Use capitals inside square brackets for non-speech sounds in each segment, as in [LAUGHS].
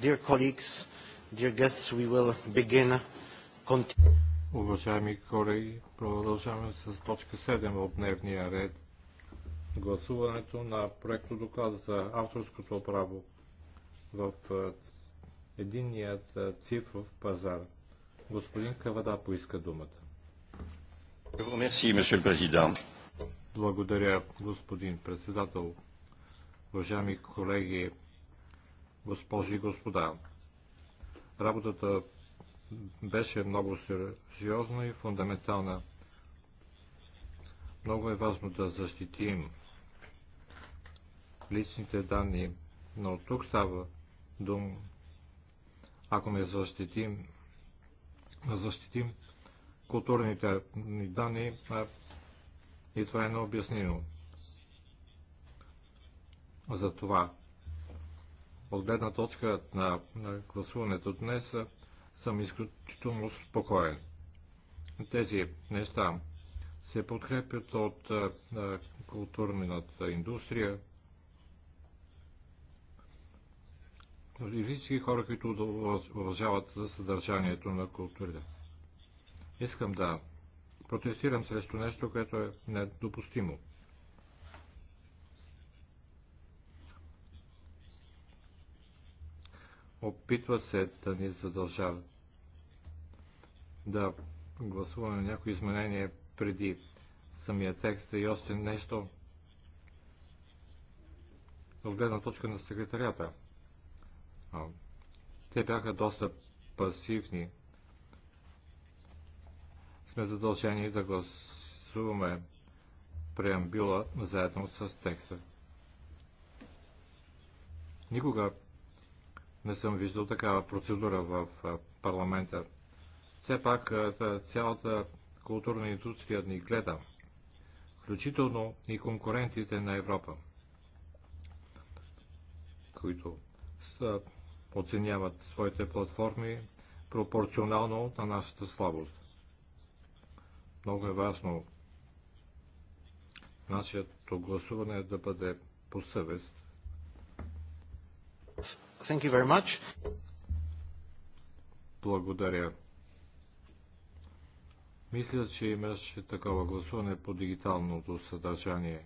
dear colleagues, dear guests, we will begin. Уважаеми колеги, продължаваме с точка 7 от дневния ред. Гласуването на проекто доклад за авторското право в единният цифров пазар. Господин Кавада поиска думата. Благодаря, господин председател. Уважаеми колеги, госпожи и господа. Работата беше много сериозна и фундаментална. Много е важно да защитим личните данни, но тук става дум. Ако не защитим, защитим културните ни данни, и това е необяснимо. това. От гледна точка на, на гласуването днес съм изключително спокоен. Тези неща се подкрепят от а, културната индустрия. И всички хора, които уважават за съдържанието на културата. Искам да протестирам срещу нещо, което е недопустимо. Опитва се да ни задължава да гласуваме някои изменения преди самия текст и още нещо от гледна точка на секретарията. Те бяха доста пасивни. Сме задължени да гласуваме преамбюла заедно с текста. Никога не съм виждал такава процедура в парламента. Все пак цялата културна индустрия ни гледа, включително и конкурентите на Европа, които оценяват своите платформи пропорционално на нашата слабост. Много е важно нашето гласуване да бъде по съвест Thank you very much. Благодаря. Мисля, че имаше такова гласуване по дигиталното съдържание.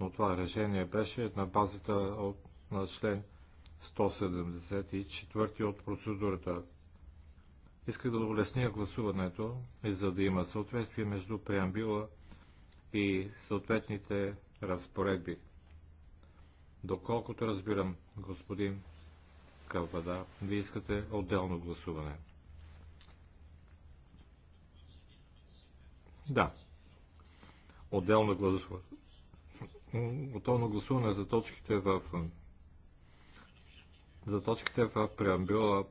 Но това решение беше на базата от, на член 174 от процедурата. Иска да улесня гласуването и за да има съответствие между преамбила и съответните разпоредби. Доколкото разбирам, господин Кавада, вие искате отделно гласуване. Да. Отделно гласуване. Отделно гласуване за точките в за точките в преамбюла,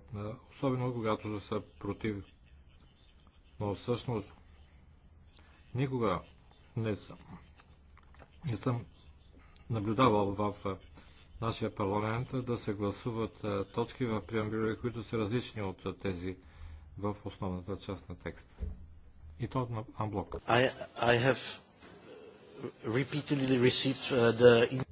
особено когато са против. Но всъщност никога не съм, не съм наблюдавал в нашия парламент да се гласуват е, точки в преамбюлите, които са различни от е, тези в основната част на текста. И то на амблок. I, I have repeatedly received е, the...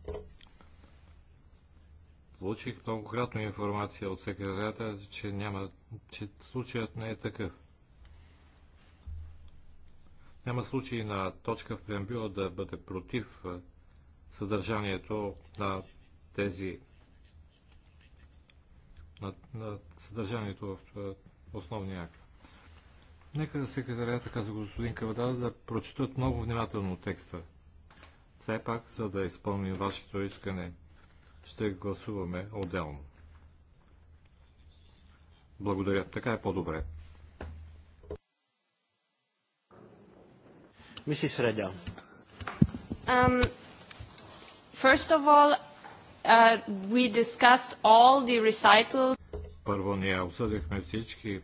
Получих многократно информация от секретарята, че, няма, че случаят не е такъв. Няма случай на точка в преамбюла да бъде против съдържанието на тези на, на съдържанието в е, основния акт. Нека секретарията, каза господин Кавада, да прочитат много внимателно текста. Все пак, за да изпълним вашето искане, ще гласуваме отделно. Благодаря. Така е по-добре. Миси Средя. Um, First of all, uh, we discussed all the recital. Първо ние обсъдихме всички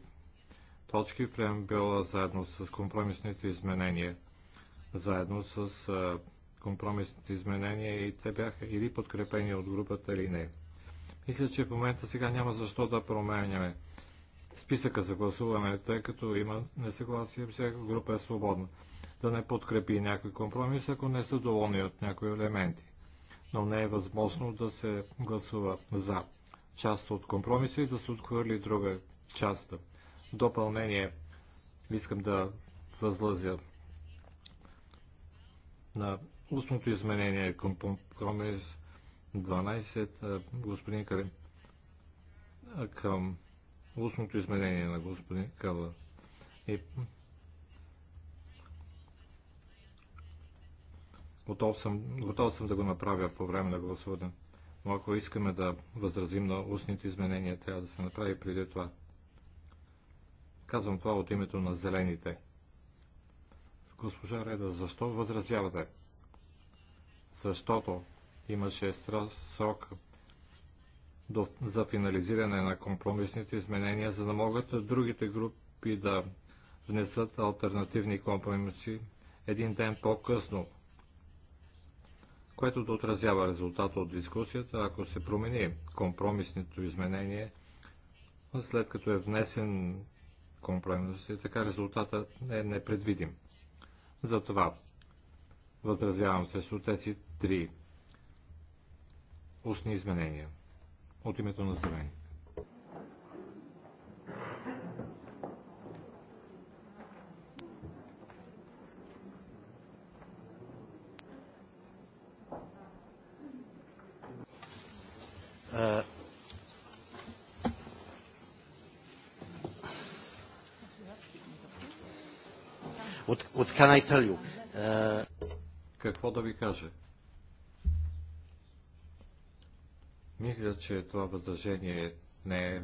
точки в преамбюла заедно с компромисните изменения. Заедно с uh, компромисните изменения и те бяха или подкрепени от групата или не. Мисля, че в момента сега няма защо да променяме списъка за гласуване, тъй като има несъгласие, всяка група е свободна да не подкрепи някой компромис, ако не са доволни от някои елементи но не е възможно да се гласува за част от компромиса и да се отхвърли друга част. Допълнение искам да възлъзя на устното изменение към е компромис 12 господин Калин към устното изменение на господин Кала и Готов съм, готов съм да го направя по време на гласуване. Но ако искаме да възразим на устните изменения, трябва да се направи преди това. Казвам това от името на зелените. Госпожа Реда, защо възразявате? Защото имаше срок до, за финализиране на компромисните изменения, за да могат другите групи да внесат альтернативни компромиси един ден по-късно което да отразява резултата от дискусията, ако се промени компромисното изменение, след като е внесен компромис и така резултатът е непредвидим. Затова възразявам срещу тези три устни изменения от името на зелени. can I tell you? Е, какво да ви кажа? Мисля, че това възражение не е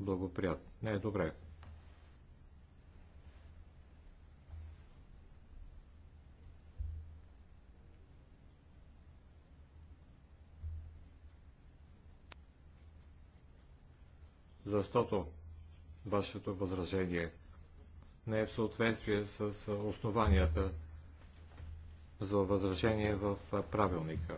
благоприятно. Не е добре. Защото вашето възражение не е в съответствие с основанията за възражение в правилника.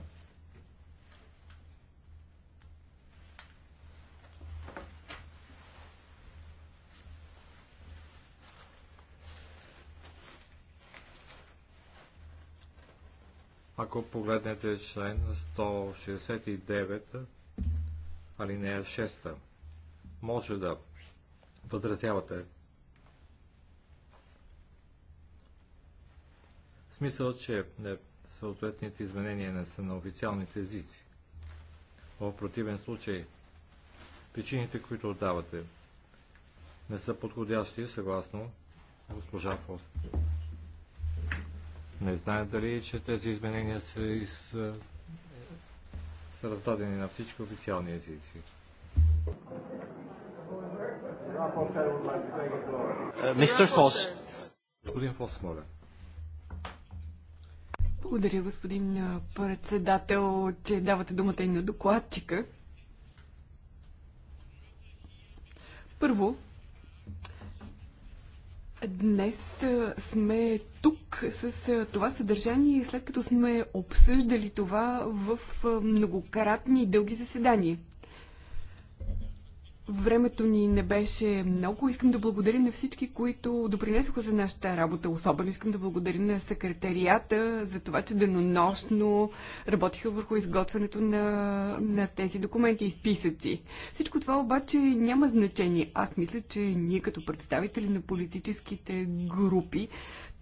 Ако погледнете член 169, алинея 6, може да възразявате смисъл, че е, съответните изменения не са на официалните езици. В противен случай, причините, които отдавате, не са подходящи, съгласно госпожа Фост. Не знаят дали, че тези изменения са, из, е, са раздадени на всички официални езици. Мистер Фос. Господин Фос, моля. Благодаря, господин председател, че давате думата и на докладчика. Първо, Днес сме тук с това съдържание, след като сме обсъждали това в многократни и дълги заседания. Времето ни не беше много. Искам да благодаря на всички, които допринесоха за нашата работа. Особено искам да благодаря на секретарията за това, че денонощно работиха върху изготвянето на, на тези документи и списъци. Всичко това обаче няма значение. Аз мисля, че ние като представители на политическите групи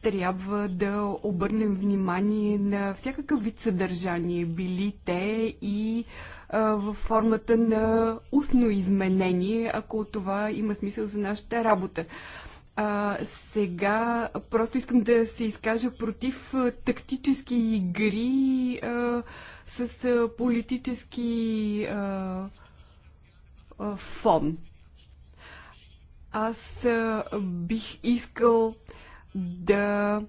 трябва да обърнем внимание на всякакъв вид съдържание, били те и в формата на устно изменение, ако това има смисъл за нашата работа. А, сега просто искам да се изкажа против тактически игри а, с а, политически а, а, фон. Аз а, бих искал да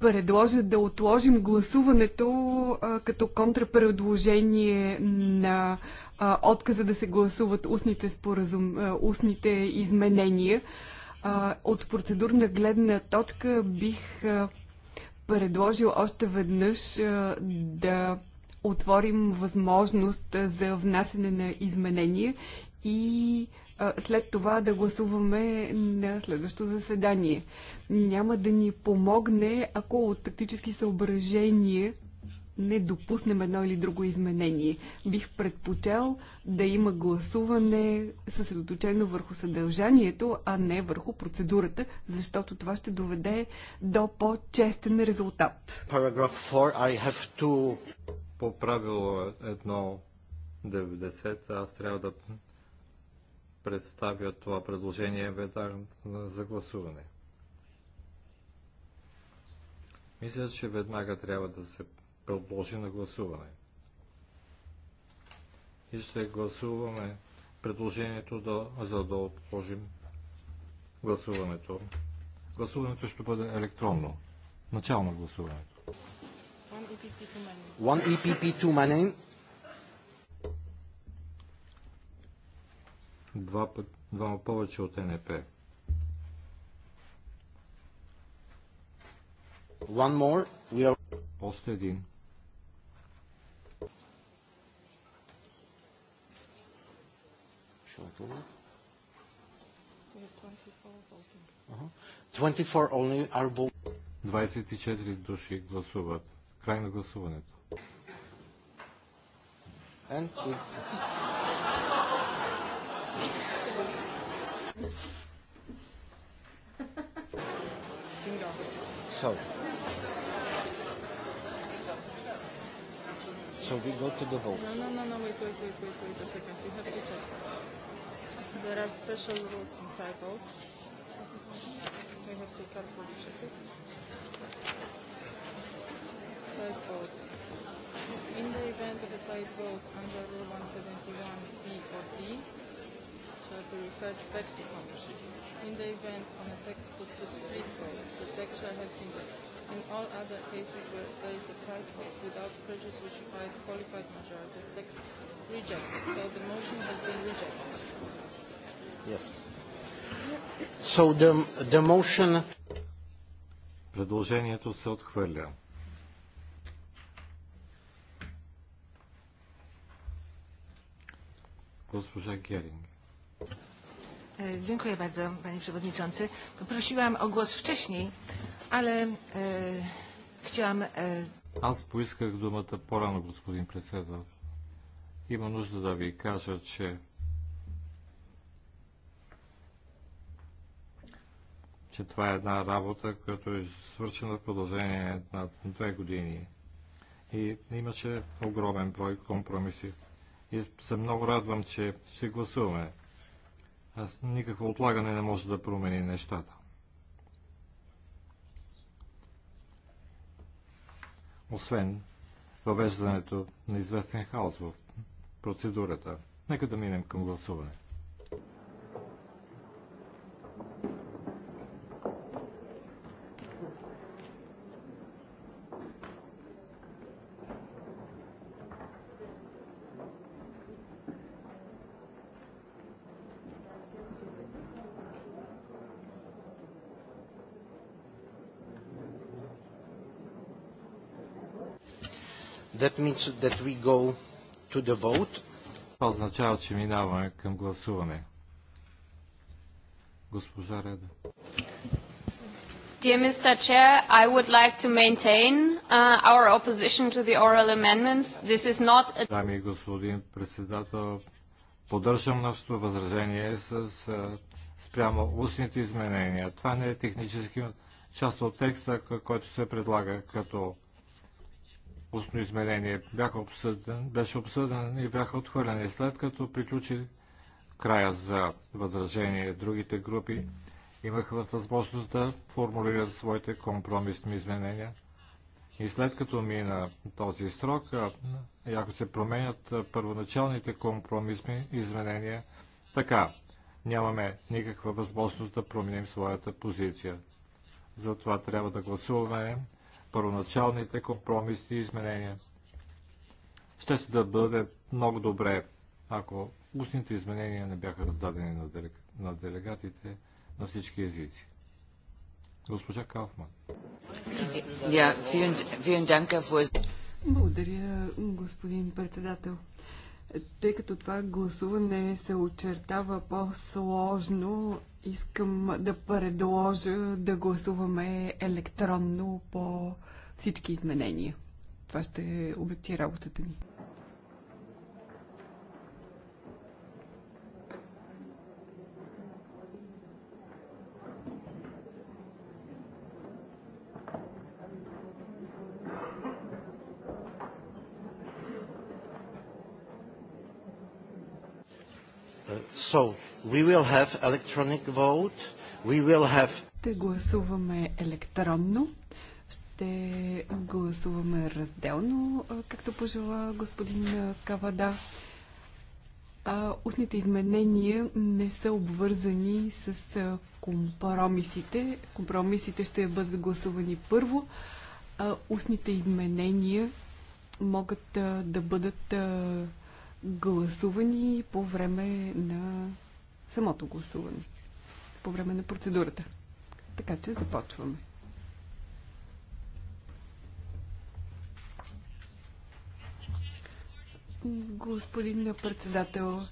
предложа да отложим гласуването а, като контрапредложение на а, отказа да се гласуват устните, споразум, а, устните изменения. А, от процедурна гледна точка бих а, предложил още веднъж а, да отворим възможност за внасене на изменения и след това да гласуваме на следващото заседание. Няма да ни помогне, ако от тактически съображения не допуснем едно или друго изменение. Бих предпочел да има гласуване съсредоточено върху съдържанието, а не върху процедурата, защото това ще доведе до по-честен резултат. Параграф 4, I have to... По правило 1.90 аз трябва да представя това предложение веднага за гласуване. Мисля, че веднага трябва да се предложи на гласуване. И ще гласуваме предложението да, за да отложим гласуването. Гласуването ще бъде електронно. Начално гласуването. One EPP my name. One EPP my name. Два, път, двама повече от НП. One more. We are... Още един. Uh -huh. 24 only are 24 души гласуват. Край на гласуването. And... it... So, so we go to the vote. No, no, no, no, wait, wait, wait, wait, wait a second. We have to check. There are special rules inside out. We have to carefully check it. Side vote. In the event of a side vote under Rule 171 C or D, will be referred back to Congress. In the event on a text put to split vote, the text shall have been read. In all other cases where there is a tight vote without prejudice which required qualified majority, the text rejected. So the motion has been rejected. Yes. So the, the motion... Предложението се отхвърля. Госпожа Геринг. E, dziękuję bardzo, panie przewodniczący. Prosiłam o głos wcześniej, ale e, chciałam... E, Аз поисках думата по-рано, господин председател. Има нужда да ви кажа, че че това е една работа, която е свършена в продължение на две години. И имаше огромен брой компромиси. И се много радвам, че ще гласуваме аз никакво отлагане не може да промени нещата. Освен въвеждането на известен хаос в процедурата. Нека да минем към гласуване. means that we go to the vote. Това означава, че минаваме към гласуване. Госпожа Реда. Dear Mr. Chair, I would like to maintain uh, our opposition to the oral amendments. This is not a... Дами господин председател, поддържам нашето възражение с, uh, спрямо устните изменения. Това не е технически част от текста, който се предлага като устно изменение бяха обсъден, беше обсъден и бяха отхвърлени. След като приключи края за възражение, другите групи имаха възможност да формулират своите компромисни изменения. И след като мина този срок, и ако се променят първоначалните компромисни изменения, така нямаме никаква възможност да променим своята позиция. Затова трябва да гласуваме първоначалните компромисни изменения. Ще се да бъде много добре, ако устните изменения не бяха раздадени на, делегатите на всички езици. Госпожа Кауфман. Благодаря, господин председател. Тъй като това гласуване се очертава по-сложно, Искам да предложа да гласуваме електронно по всички изменения. Това ще облегчи работата ни. So, We will have electronic vote. We will have... Ще гласуваме електронно. Ще гласуваме разделно, както пожела господин Кавада. А, устните изменения не са обвързани с компромисите. Компромисите ще бъдат гласувани първо. А, устните изменения могат а, да бъдат а, гласувани по време на самото гласуване по време на процедурата. Така че започваме. Господин председател,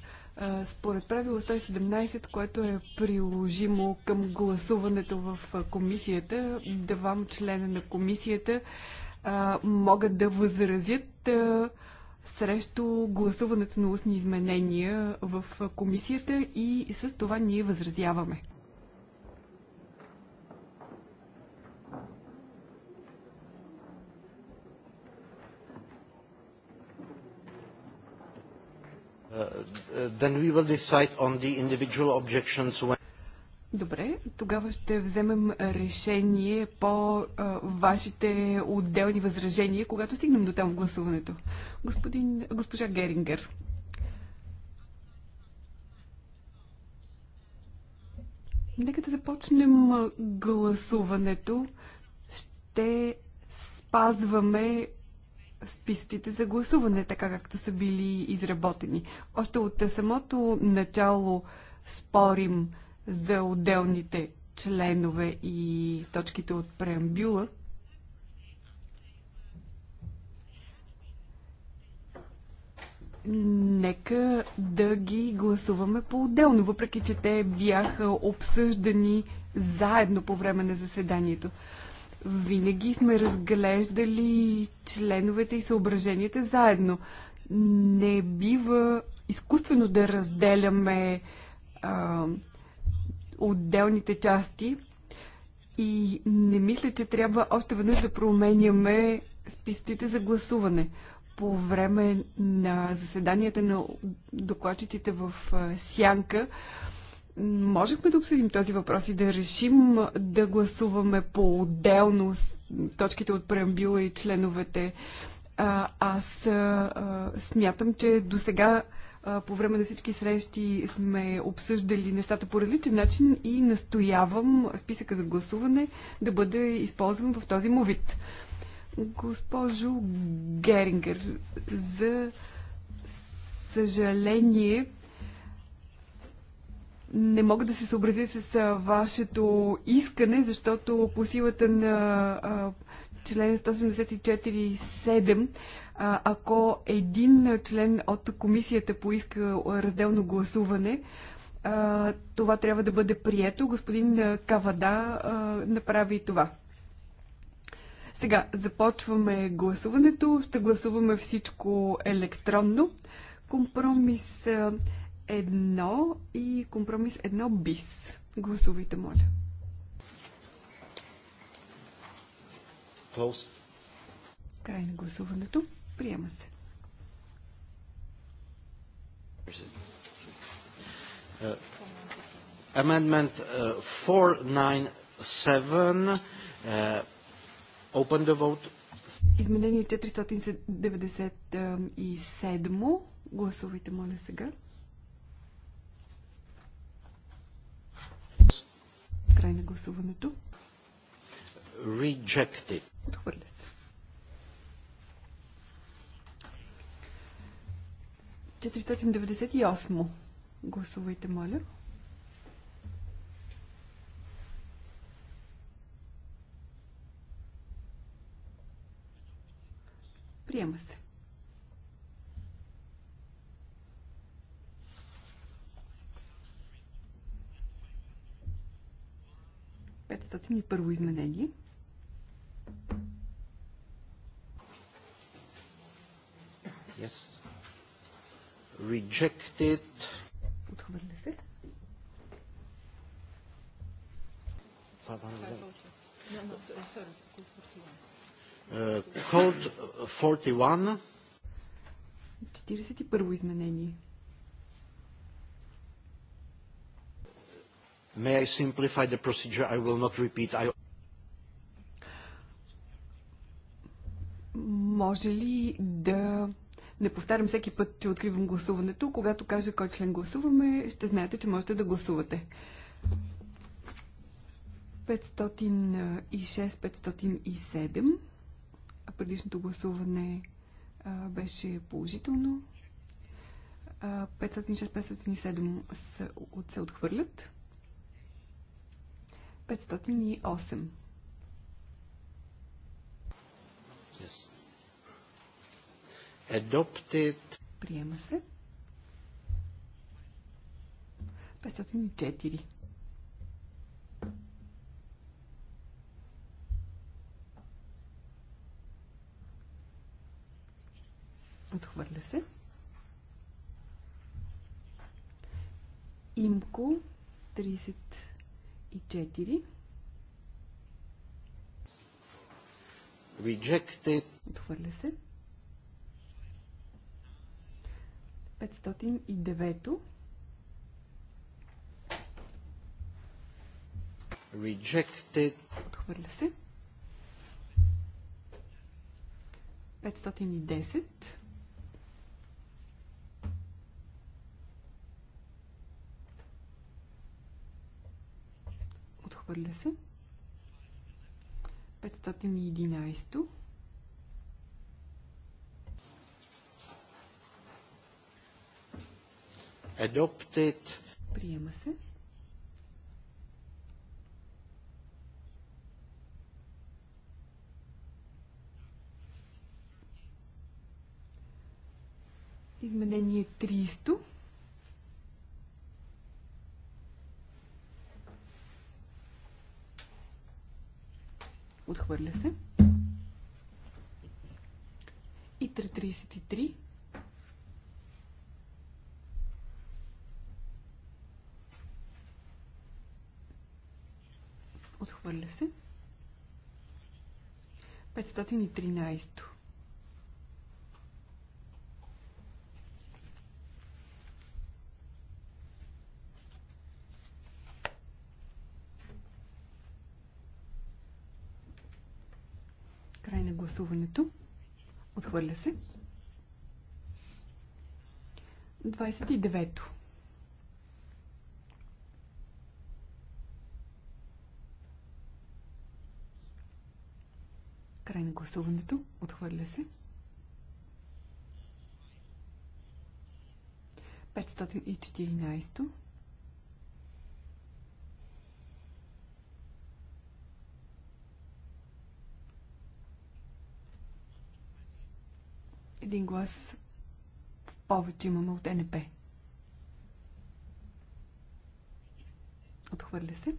според правило 117, което е приложимо към гласуването в комисията, двама члена на комисията могат да възразят срещу гласуването на устни изменения в комисията и с това ние възразяваме. Uh, uh, then we will decide on the individual objections when Добре, тогава ще вземем решение по а, вашите отделни възражения, когато стигнем до там в гласуването. Господин, госпожа Герингер. Нека да започнем гласуването. Ще спазваме списъците за гласуване, така както са били изработени. Още от самото начало спорим за отделните членове и точките от преамбюла. Нека да ги гласуваме по-отделно, въпреки че те бяха обсъждани заедно по време на заседанието. Винаги сме разглеждали членовете и съображенията заедно. Не бива изкуствено да разделяме а, отделните части и не мисля, че трябва още веднъж да променяме списъците за гласуване. По време на заседанията на докладчиците в Сянка можехме да обсъдим този въпрос и да решим да гласуваме по-отделно точките от преамбила и членовете. аз смятам, че до сега по време на всички срещи сме обсъждали нещата по различен начин и настоявам списъка за гласуване да бъде използван в този му вид. Госпожо Герингер, за съжаление не мога да се съобразя с вашето искане, защото по силата на член 174.7, ако един член от комисията поиска разделно гласуване, това трябва да бъде прието. Господин Кавада направи това. Сега започваме гласуването. Ще гласуваме всичко електронно. Компромис 1 и компромис 1 бис. Гласувайте, моля. closed. Край на гласуването. Приема се. Uh, amendment uh, 497. Uh, open the vote. Изменение 497. Гласувайте, моля, сега. Край на гласуването. Rejected. Отхвърля се. 498. Гласувайте, моля. Приема се. Петстотин и първо изменение. Yes. Rejected. Отхвърля се. Код 41. 41 изменение. May I simplify the procedure? I will not repeat. I... Може ли да не повтарям всеки път, че откривам гласуването. Когато кажа кой член гласуваме, ще знаете, че можете да гласувате. 506-507. А предишното гласуване а, беше положително. 506-507 се, се отхвърлят. 508. Yes. Adopted. Приема се. 504. Отхвърля се. Имко 34. Rejected. Отхвърля се. 505. 509. Rejected. Отхвърля се. 510. Отхвърля се. 511. Adopted. Приема се. Изменение 300. Отхвърля се. И 333. Отхвърля се. 513. Край на гласуването. Отхвърля се. 29. гласуването. Отхвърля се. 514. Един глас повече имаме от НП. Отхвърля се. 515.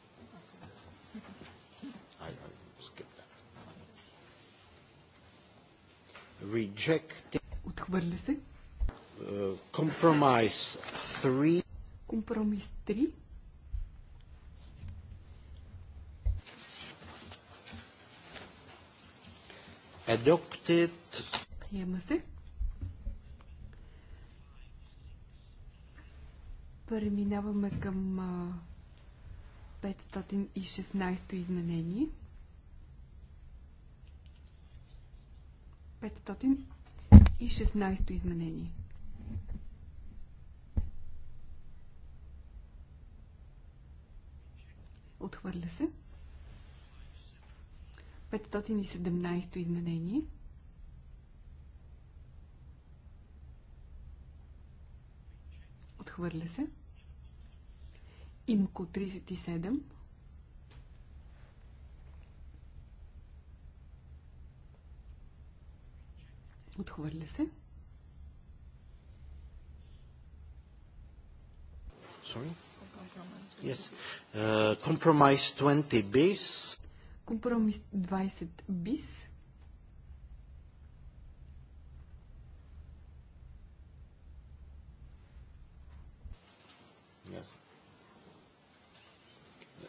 I, I skip that. Отхвърля се. Uh, 3. Компромис 3. Adopted. Приема се. Преминаваме към 516 изменение. 516 изменение. Отхвърля се. 517 изменение. Отхвърля се. 518 Имко 37. Отхвърля се. Sorry? Yes. Uh, compromise 20 bis. Компромис 20 бис.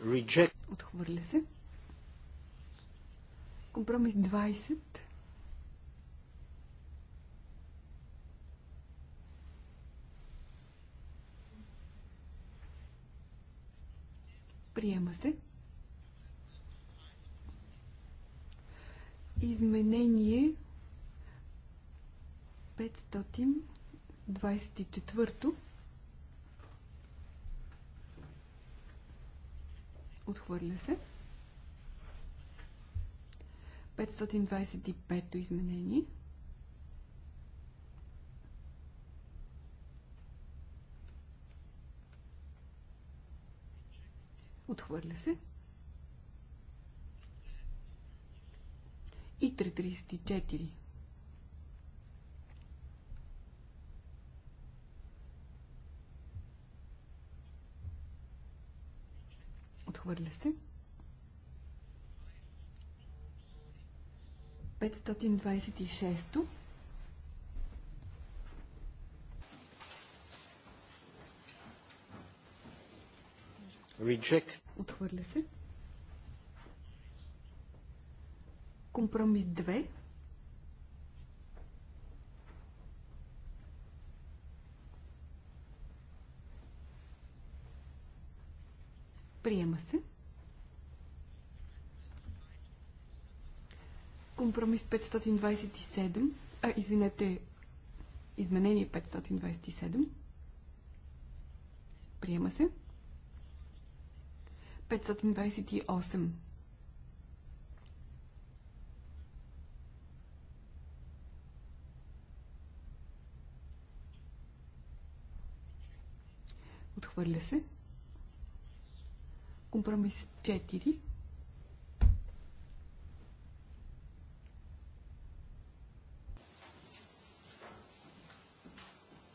reject. Отхвърля се. Компромис 20. Приема се. Изменение 524. Отхвърля се. 525-то изменение. Отхвърля се. И 334. Отхвърля се. 526-то. Reject. Отхвърля се. Компромис 2. Приема се. Компромис 527. А, извинете, изменение 527. Приема се. 528. Отхвърля се. 529. Компромис 4.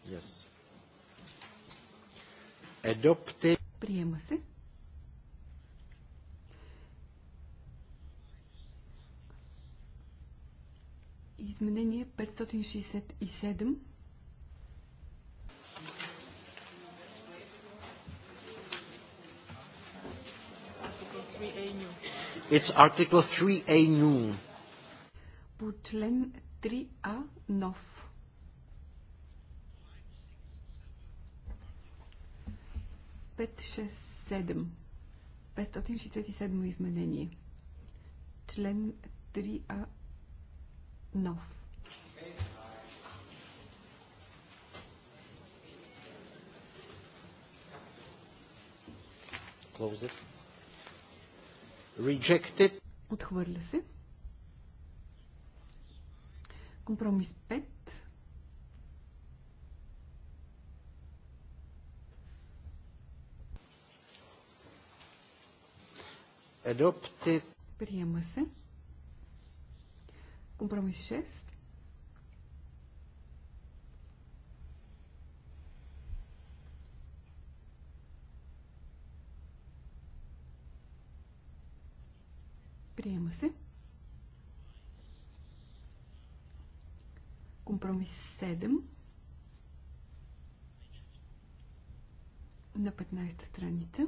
Yes. Adopted. Приема се. Изменение 567. It's Article 3A new. По член 3А нов. Пет, шест, седем. 567 изменение. Член 3А нов. Close it. Rejected. Отхвърля се. Компромис 5. Adopted. Приема се. Компромис 6. Приема се. Компромис 7 на 15-та страница.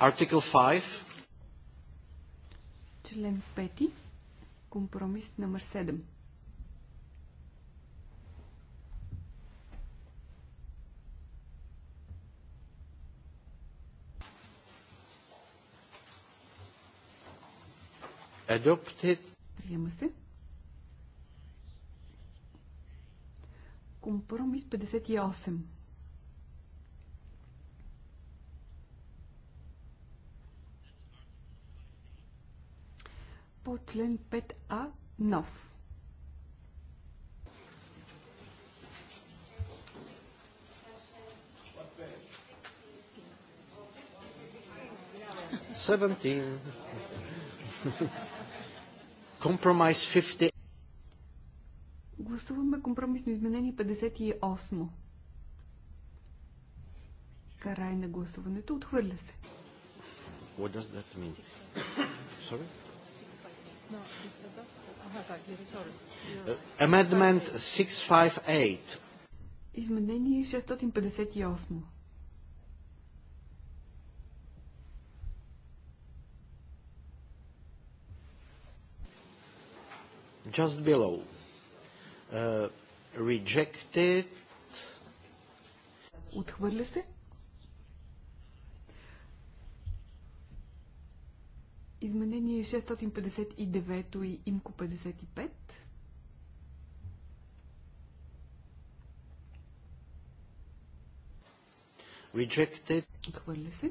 Артикъл 5. Член 5. Компромис номер 7. Adopted. Приема се. Компромис 58. По член 5А нов. Seventeen. 50... Гласуваме компромисно изменение 58. Карай на гласуването. Отхвърля се. What does that mean? Sorry? Amendment 658. Изменение 658. just below. Uh, rejected. Отхвърля се. Изменение 659 и имко 55. Rejected. Отхвърля се.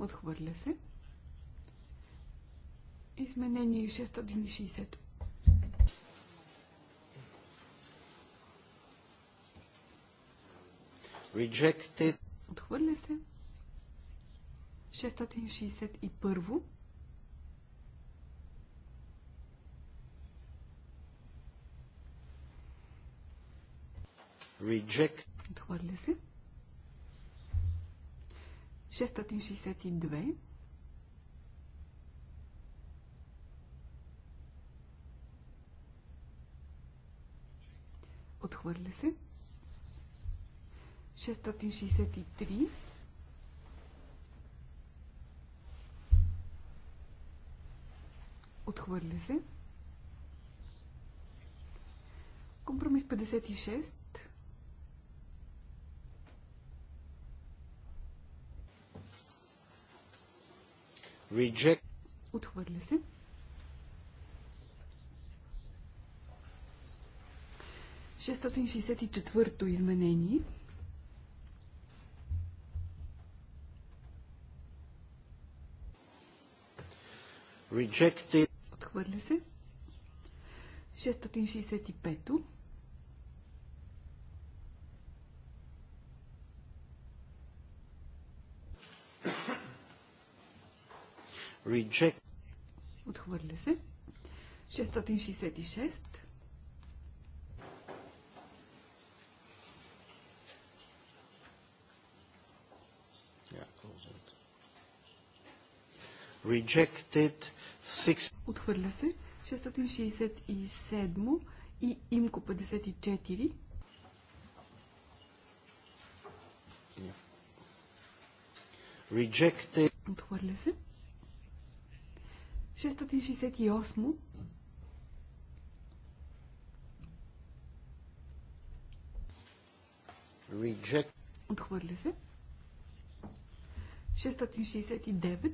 Отхвърля се. Изменение 660. Rejected. Отхвърля се. 661. Reject. Отхвърля се. 662. 662. Отхвърля се. 663. Отхвърля се. Компромис 56. Reject. Отхвърля се. Шестотин четвърто изменение. Rejected. Отхвърля се. 665 Reject. Отхвърля се. 666. Rejected. Six. Отхвърля се. 667 и имко 54. Rejected. Отхвърля се. 668. 668. Reject. Отхвърля се. 669.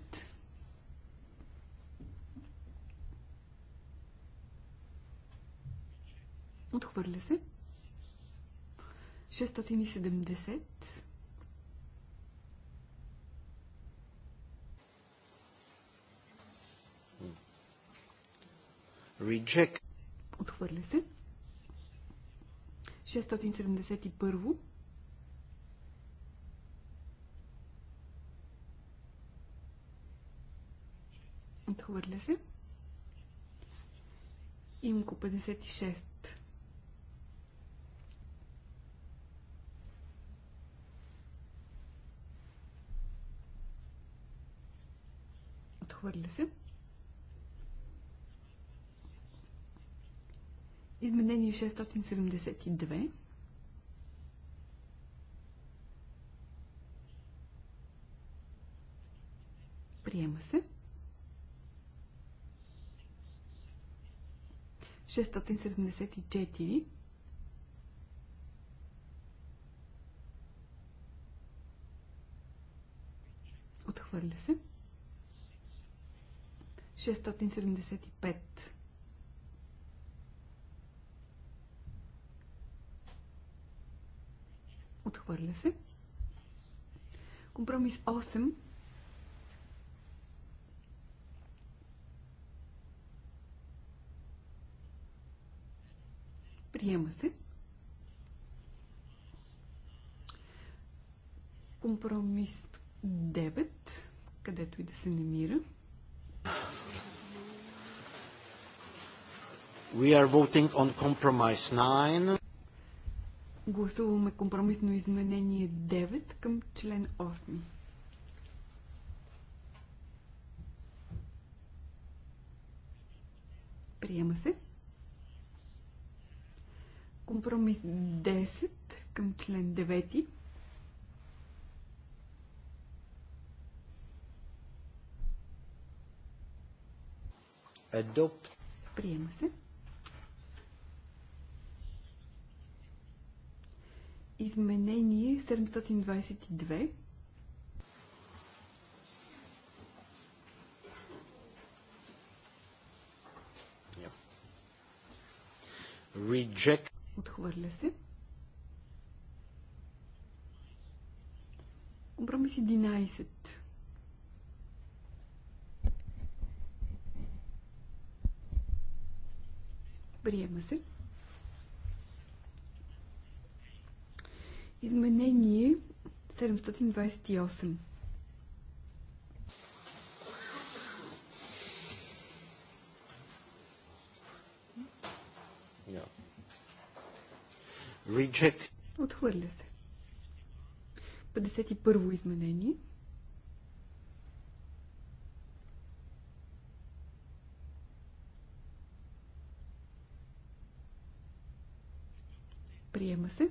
Отхвърля се. 670. Reject. Отхвърля се. 671. Отхвърля се. Имко 56. Отхвърля се. Изменение 672. Приема се. 674. Отхвърля се. 675. Отхвърля се. Компромис 8. Приема се. Компромис 9, където и да се намира. We are voting on compromise 9. Гласуваме компромисно изменение 9 към член 8. Приема се. Компромис 10 към член 9. Адоп. Приема се. изменение 722. Reject. Отхвърля се. Компромис 11. Приема се. Изменение 728. Reject. Отхвърля се. 51 во изменение. Приема се. 52.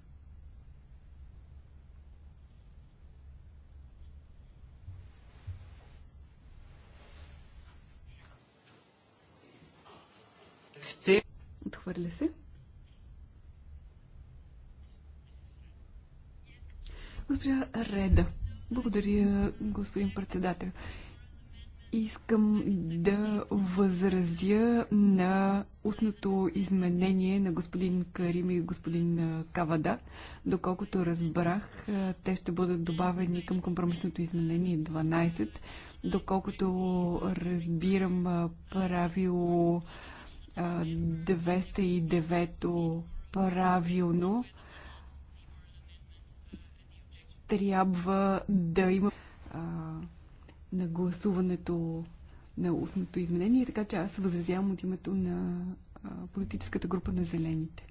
Отхвърля се. Госпожа Реда. Благодаря, господин председател. Искам да възразя на устното изменение на господин Карим и господин Кавада. Доколкото разбрах, те ще бъдат добавени към компромисното изменение 12. Доколкото разбирам правило 209 правилно трябва да има а, на гласуването на устното изменение, така че аз възразявам от името на а, политическата група на зелените.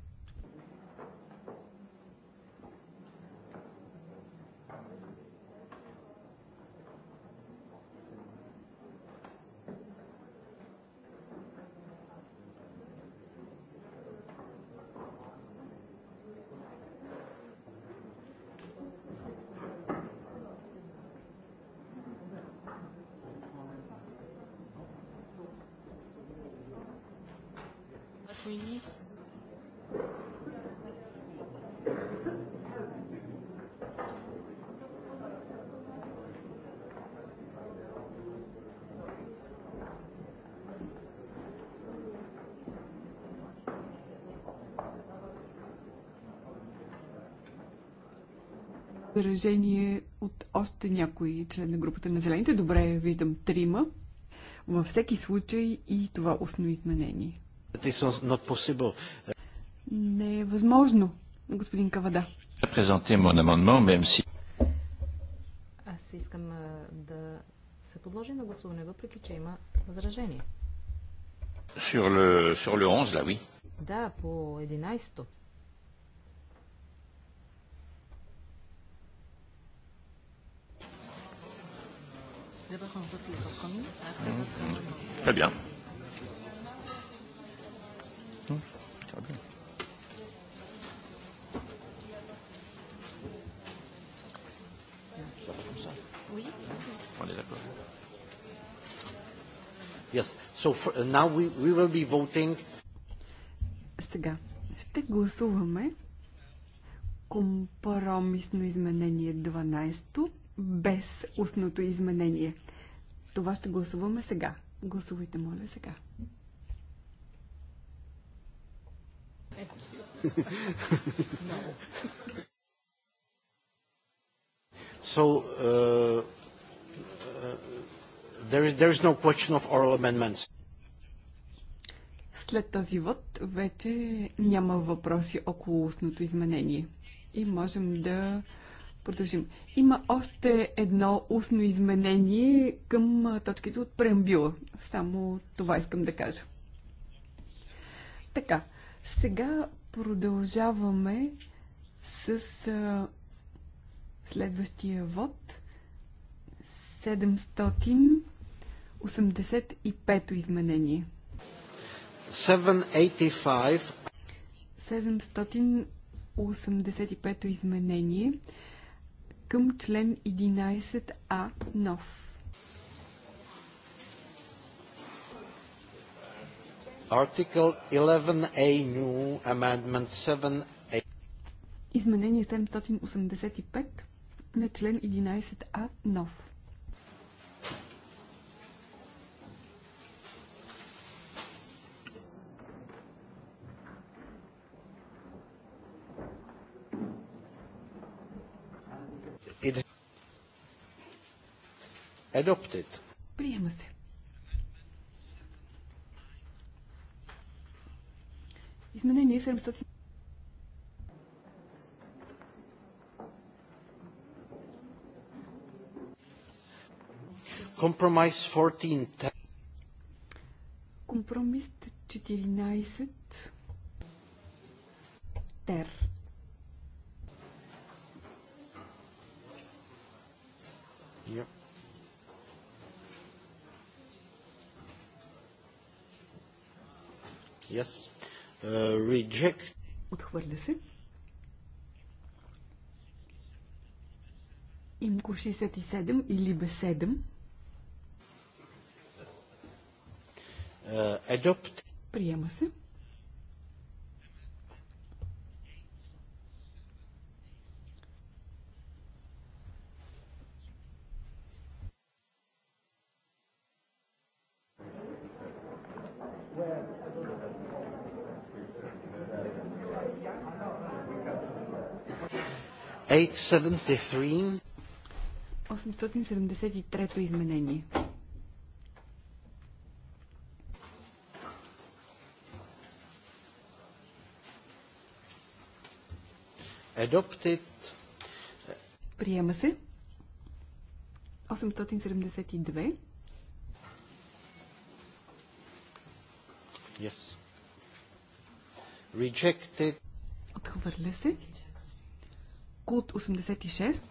Oui. Заражение от още някои член на групата на зелените. Добре, виждам трима. Във всеки случай и това устно изменение. Не е възможно, господин Кавада. Аз искам да се подложи на гласуване, въпреки че има възражение. Да, по 11-то. Très bien. So for, uh, now we, we will be voting. Сега ще гласуваме компромисно изменение 12 без устното изменение. Това ще гласуваме сега. Гласувайте, моля, сега. [LAUGHS] So, uh, uh, there is, there is no question of oral amendments. След този вод вече няма въпроси около устното изменение и можем да продължим. Има още едно устно изменение към точките от преамбюла. Само това искам да кажа. Така, сега продължаваме с а, следващия вод. 700 85-то изменение. 785. то изменение към член 11А нов. Article 11A new amendment 7 Изменение 785 на член 11А нов. Adopted. Приема се. Изменение 700. Компромис 14. Компромис 14 67 или Б7. Е, адопт. Приема се. Eight seventy three. 873-то изменение. Adopted. Приема се. 872. Yes. Rejected. Отхвърля се. Култ 86.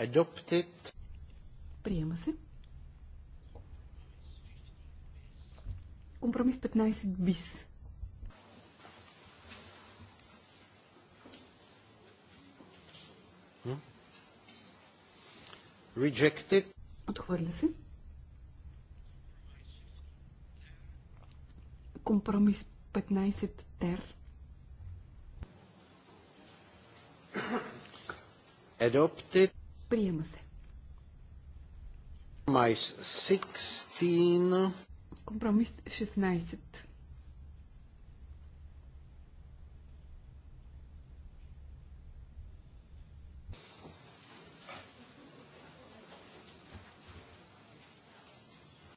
Adopted. Приема се. Компромис 15 бис. Rejected. Отхвърля се. Компромис 15 тер. Adopted. Приема се. Компромис 16.